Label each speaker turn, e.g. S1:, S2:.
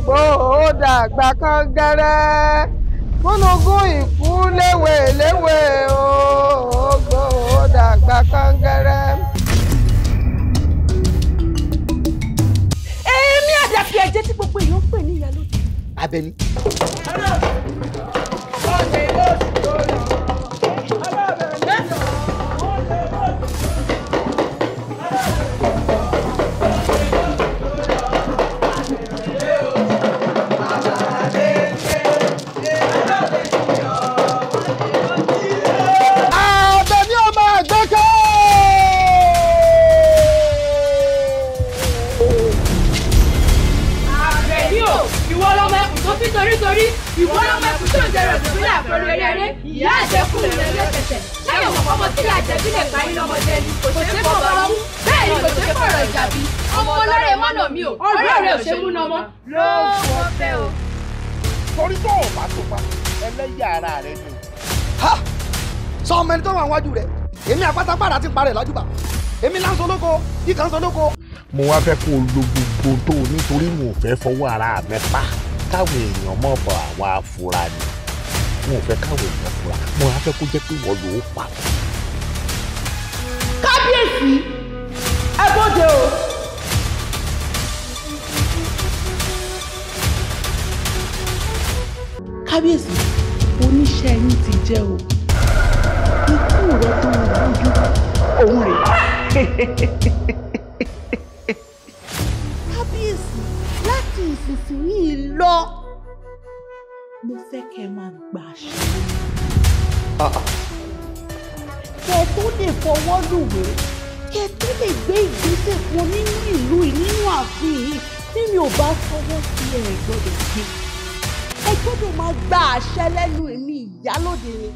S1: ògbó ó dàgbà kan gẹ́rẹ́ múnugún ìkú léwe léwe ògbó ó dàgbà kan gẹ́rẹ́. èmi àdàpẹ̀ ẹ̀jẹ̀ tí gbogbo èèyàn ń pè ní ìyá lóde. Abẹ́ni. nítorí torí ìwọ ló mẹ́kù tó ń jẹrọ ìbílẹ̀ àpẹẹrẹ rere ìyá àjẹkù rẹ̀ lẹ́sẹ̀sẹ̀ lẹ́yìn ọ̀pọ̀ ọmọ tí àjẹbílẹ̀ parí lọ́mọdé ni kò ṣe é fọwọ́ mú bẹ́ẹ̀ ni kò ṣe é fọ̀rọ̀ ìjà bí ọmọ ọlọ́rẹ̀ mọ́nà mi ò ọ̀rẹ́ rẹ̀ ò ṣe múná mọ́ ló fọ́ fẹ́ o. torí tó o bá tó pa ẹlẹ́yà ara rẹ ni. sọ ọmọ ẹni tó wà wájú rẹ èmi àpátápàrà ti parẹ̀ lájúbà èmi láǹsọ lóko yìí kàn sọ lóko. mo wá fẹ́ kó o lo gbogbo tó o nítorí mo fẹ́ fọwọ́ ara mi pa káwọn èèyàn mọ̀ bọ̀ àwa afura wọn ò fẹ́ káwọn èèyàn fura wọn á jẹ́ pé wọ́n lòó pa. kábíyèsí ẹ bóde o. kábíyèsí oníṣẹ́ yín ti jẹ́ o ikú rẹ tó ń lójú òun rèé. láti ìsinsìnyí lọ mo fẹ́ kẹ́ ẹ máa gbà ṣe. kẹ́ ẹ tó lè fọwọ́ lùwẹ̀ kẹ́ ẹ tó lè gbé ìgbésẹ̀ kan nínú ìlú nínú ààfin yìí tí mi ò bá fọwọ́ sí ẹ̀ gbọ́dọ̀ gbé ẹ gbọ́dọ̀ máa gba àṣẹ lẹ́nu èmi ìyálòde ni.